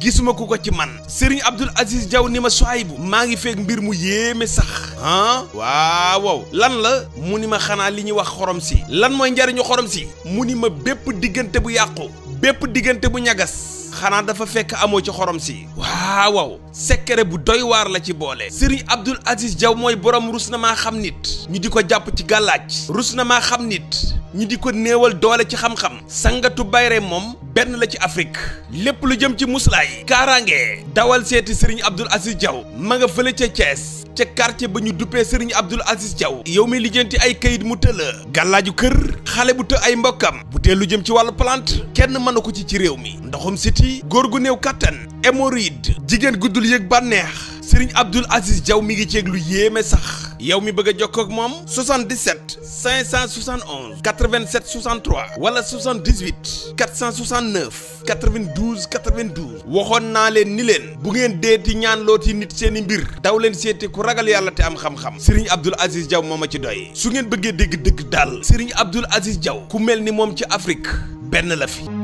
gisuma ku ko ci man Serigne Abdoul Aziz Diaw ni ma bu maa ngi feeg mbir mu yéeme sax ah waaw lan la mu ni ma xanaa li ñuy wax xorom si lan mooy njariñu xorom si mu ni ma bépp diggante bu yàqu bépp diggante bu ñagas xanaa dafa fekk amoo ci xorom si waaw secret bu doy waar la ci boole Serigne Abdoul Aziz jaw mooy borom rus na maa xam nit ñu di ko jàpp ci gàllaaj rus na maa xam nit ñi di ko néewal doole ci xam-xam sangatu bayre moom benn la ci Afrique lépp lu jëm ci muslaay kaaraange dawal seeti Serigne Abdoul Aziz Diaw ma nga fële ca Thiès ca quartier ba ñu duppee Serigne Abdoul Aziz Diaw yow mi lijjanti ay kayit mu tëla gàllaaju kër xale bu të ay mbokkam bu lu jëm ci wàllu plante kenn mënu ko ci ci réew mi ndoxum siti góor gu néew kattan hémorroïde jigéen guddul yëg bànneex Serigne Abdoul Aziz Diaw mi ngi ceeg lu yéeme sax yow mi bëgg a jokkoo ak moom 77 571 87 63 wala 78 469 92 92 waxoon naa leen ni leen bu ngeen deeti ñaan yi nit seeni mbir daw leen seeti ku ragal yàlla te am xam-xam Serigne Abdoul Aziz jaw moom ma ci doy su ngeen bëggee dégg dëgg daal Serigne Abdoul Aziz Diaw ku mel ni moom ci Afrique benn la fi.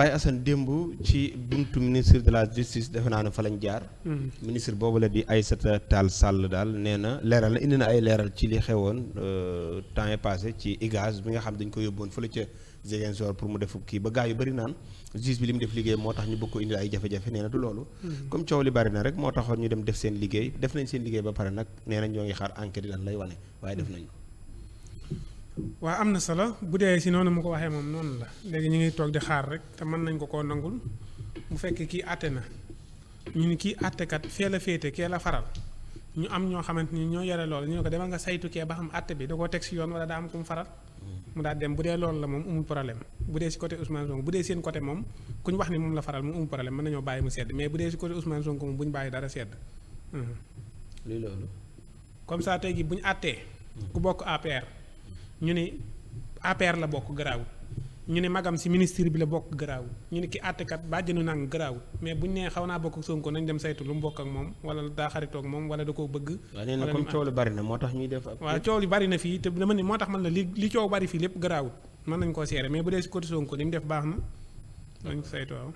waaye Assane démb ci buntu ministre de la justice defe naa ne fa lañ jaar. Hmm. ministre boobu la di Aïssata Tall Sall daal nee na leeral indi na ay leeral ci li xewoon euh, temps est passé ci IGAS bi nga xam dañ ko yóbboon fële ca Ziguinchor pour mu def kii ba gaa yu bëri naan justice bi li mu def liggéey moo tax ñu bëgg ko indil ay jafe-jafe nee na du loolu. Hmm. comme coow li bari rek moo taxoon ñu dem def seen liggéey def nañ seen liggéey ba pare nag nee na ñoo ngi xaar enquête yi lan lay wane def nañ waaw am na solo bu dee si noonu mu ko waxee moom noonu la léegi ñu ngi toog di xaar rek te mën nañ ko koo nangul bu fekkee kii àtte na ñu ni kii àttekat fee la féete kee la faral ñu am ñoo xamante ni ñoo yore loolu ñu ko demal nga saytu kee ba xam àtte bi da koo teg si yoon wala daa am ko mu faral mu daal dem bu dee loolu la moom amul problème bu dee si côté Ousmane Sonko bu dee seen côté moom ku ñu wax ni moom la faral mu amul problème mën nañoo bàyyi mu sedd mais bu dee si côté Ousmane Sonko moom bu ñu bàyyi dara hmm. bu ñu àttee. ku bokk APR. ñu ni APR la bokk garaawul ñu ne magam si ministre bi la bokk garaawul ñu ni ki àttekat bàjjenu nang garaawul mais bu ñu nee xaw naa bokk ak Sonko nañ dem saytu lu mu bokk ak moom wala daa xaritoog moom wala da ko bëgg. wala nee na comme coow lu bari na moo tax ñuy def. waaw coow bari na fii te dama moo tax man la li li coow bari fii lépp garaawul mën nañ koo seere mais bu dee si côté Sonko li mu def baax na nañ ko saytu waaw.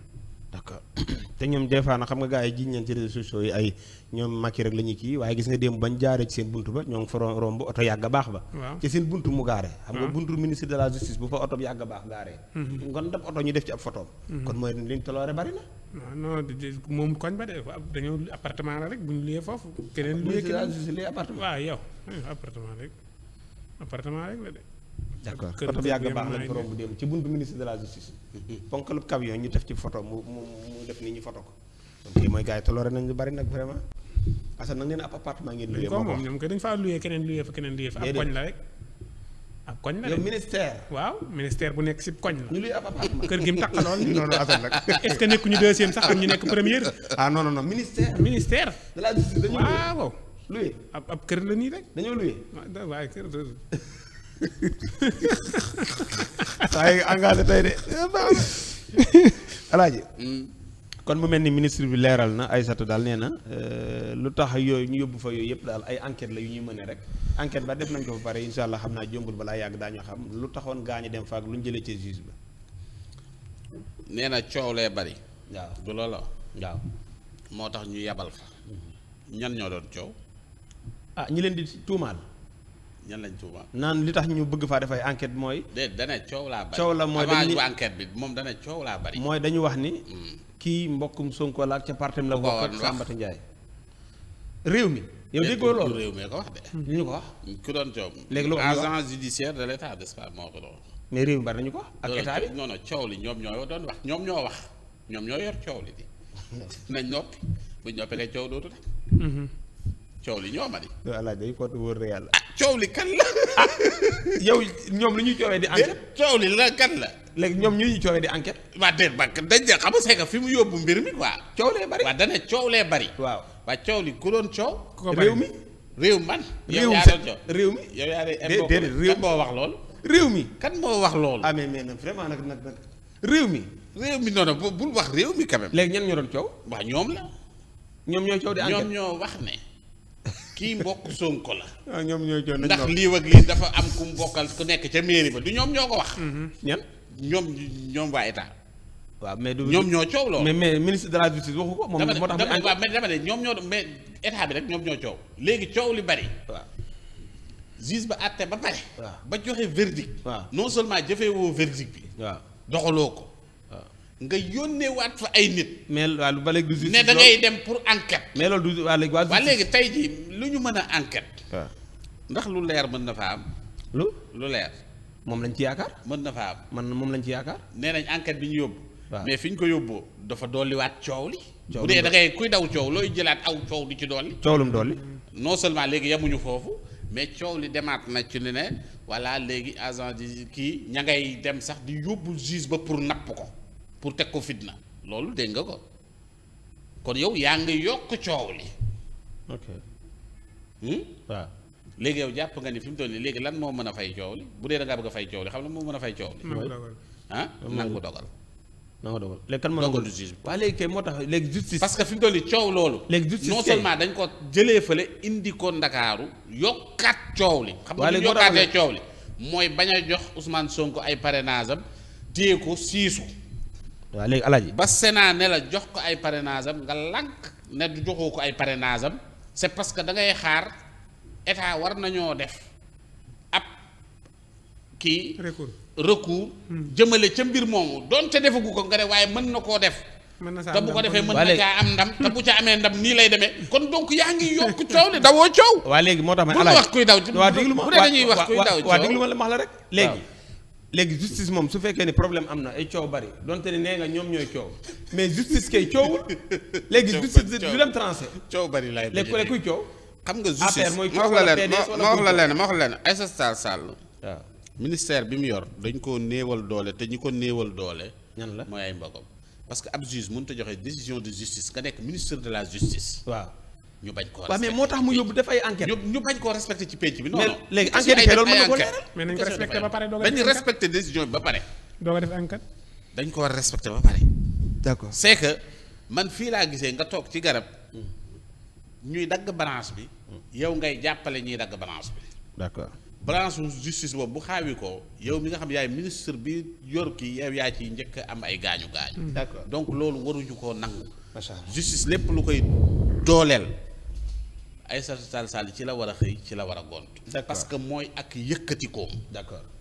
d'accord te ñoom des fois nag xam nga gars yi jiñ leen ci réseaux sociaux yi ay ñoom Macky rek la kii waaye gis nga démb bañ jaaree seen buntu ba ñoo ngi fa romb oto yàgg baax ba ci seen buntu mu gaare xam nga buntu ministre de la justice bu fa oto yàgg baax gaaree mm-hmm. ngon dab oto ñu def ci ab photoom mm-hmm. kon mooy liñ toloore bari na moom koñ ba de dañoo appartement la rek bu ñu foofu keneen liyee appartement waaw yow appartement rek appartement rek la de d'accord photo bi yàgg baax lañ ko romb ci buntu ministre de la justice ponkalub camion ñu def ci photo mu mu def nii ñu photo ko mooy gars yi toloore nañ lu bari nag vraiment parce que nag neen ab appartement ngeen luyee moo moom ñoom ko dañ faa luyee keneen luyee fa keneen luyee fa ab koñ la rek ab koñ waaw ministère bu nekk si koñ la ñu luyee ab kër gi mu takk lool non non nekk première ah non non non ministère la justice dañu waaw luyee ab ab kër la nii rek waaye kër saa yi engagé tey de alaaji eh, kon mu mel ni ministre bi leeral na ay Aïssatou daal nee na eh, lu tax yooyu ñu yóbbu fa yooyu yëpp daal ay enquête la yu ñuy mëne rek enquête ba def nañ ko bu pare insha allah xam naa jombul balaa yàgg daañu xam lu taxoon gaañi dem faak lu ñu jëlee ci juge ba nee coow lee bari waaw du loola waaw moo tax ñu yabal fa mhm. ñan ñoo doon coow ah ñi leen di tuumaal ñan lañ tuumaal. naan li tax ñu bëgg faa def ay enquête mooy. déedéet dana coow laa bari. coow la bi moom dana coow laa mooy dañu wax ni. Hmm. kii mbokkum Sonko la ak ca partem la. bokk ak Sambata Ndiaye. réew mi. yow déggoo loolu réew ko wax hmm. ko wax. ku doon coow. léegi lu agent judiciaire de l' état d' espagne moo ko doon. mais réew mi bari nañu ko ak état bi coow li ñoom ñoo doon wax ñoom ñoo wax ñoom ñoo yor coow li di nañ noppi buñ noppee kay coow dootu rek. coow li ñoo ma di. voilà day fot wóor yàlla. ah li kan la. ah yow ñoom lu ñuy coowee di. enquête coow li la la. léegi ñoom ñu ñuy coowee di enquête. waa déet ba dañ de xam nga fi mu yóbbu mbir mi quoi. coow lee bari waaw dana bari. waaw waa coow li ku doon coow. réew réew mi réew mi yow yaa doon réew mi. yow yaa moo wax lool réew mi kan moo wax loolu. ah mais mais vraiment nag nag nag réew mi. réew mi noonu bul wax réew mi quand même. léegi ñenn ñoo doon coow. waa ñoom la. ñoom ñoo coow di ñoom ñoo wax ne kii mbokk Sonko la. Ah, ñoom ñoo jox ndax lii ak lii dafa am ku mu bokkal ku nekk ca mairie ba du ñoom ñoo ko wax. Mm-hmm. ñan ñoom ñoom waa état. waaw mais du ñoom ñoo coow loolu. mais mais ministre de la justice waxu ko. moom moo tax dama ñoom ñoo mais état bi rek ñoom ñoo coow. léegi coow li bari. waaw juge ba àtte ba pare. ba joxe verdict. waa non seulement jëfee woo verdict bi. waa doxaloo ko. nga yónneewaat fa ay nit. mais waa ba léegi du. ne da ngay dem pour enquête. mais du waa léegi waa. waa léegi tey jii lu ñu mën a enquête. waaw ah. ndax lu leer mën na faa am. lu lu leer. moom lañ ci yaakaar. mën na fa am man moom lañ ci yaakaar. nee nañ enquête bi ñu yóbbu. mais fi ñu ko yóbboo dafa dolliwaat coow li. bu dee da ngay kuy daw coow looy jëlaat aw coow di ci dolli. coow lum dolli. non seulement léegi yemuñu foofu mais coow li demaat na ci ne ne léegi agent di kii ña ngay dem sax di yóbbu juge ba pour napp ko. pour teg ko fitna loolu dégg nga ko kon yow yaa ngi yokk coow li. ok. Hmm? waaw léegi yow jàpp nga ni fi mu toll nii léegi lan moo mën a fay coow li bu dee da bëgg a fay coow li xam nga moo mën a fay coow li. ah nangu dogal. nangu dogal léegi kan moo dogal du justice. waaw léegi moo tax léegi justice. parce que fi mu toll nii coow loolu. léegi justice dañ ko jëlee fële indi ko ndakaaru yokkaat coow li. xam ne li yokkaatee coow li mooy bañ a jox Ousmane Sonko ay parrainage am téye ko siisu. waaw léegi alaaji ba Sénat ne la jox ko ay parrainage am nga lànk ne du joxoo ko ay parrainage am c'est parce que da ngay xaar état war nañoo def ab kii. recours recours. jëmale ca mbir moomu donte defagu ko nga ne waaye mën na koo def. mën na te bu ko defee mën na caa am ndam te bu ca amee ndam nii lay demee kon donc yaa ngi yokk coow de dawoo coow. waa léegi moo tax man alaaji bu wax kuy daw. waa déglu ma waa waa déglu ma la wax la rek léegi. léegi justice moom su fekkee ni problème am na ay coow bari donte ne nee nga ñoom ñooy coow mais justice kay coowul léegi justice du dem tranché coow bari lay léegi kuy coow xam nga justice ma wax la leen ma wax la leen ma wax leen Aïssata Tall Sall ah. ministère bi mu yor dañ koo néewal doole te ko néewal doole ñan la mooy ay mbokam parce que ab juge mënut a joxe décision de justice nga nekk ministre de la justice waa ñu bañ koo respecté mais moo tax mu yóbbu def ay enquête ñu bañ koo respecté ci penc bi. non non léegi enquête yi kay loolu mën na ko leeral. ba pare doog a def enquête bañ respecté décision ba pare. a def enquête. dañ ko war a respecté ba pare. d'accord c'est que man fii laa gisee nga toog ci garab ñuy dagg balance bi. yow ngay jàppale ñuy dagg balance bi. d'accord balance justice boobu bu xaawi ko yow mi nga xam yaay ministre bi yor kii yow yaa ciy njëkk am ay gaañu gaañu. d'accord donc loolu waruñu koo nangu. justice lépp lu koy dooleel. Aïssata Tall Sall ci la war a xëy ci la war a gont parce que mooy ak yëkkatikoom d'accord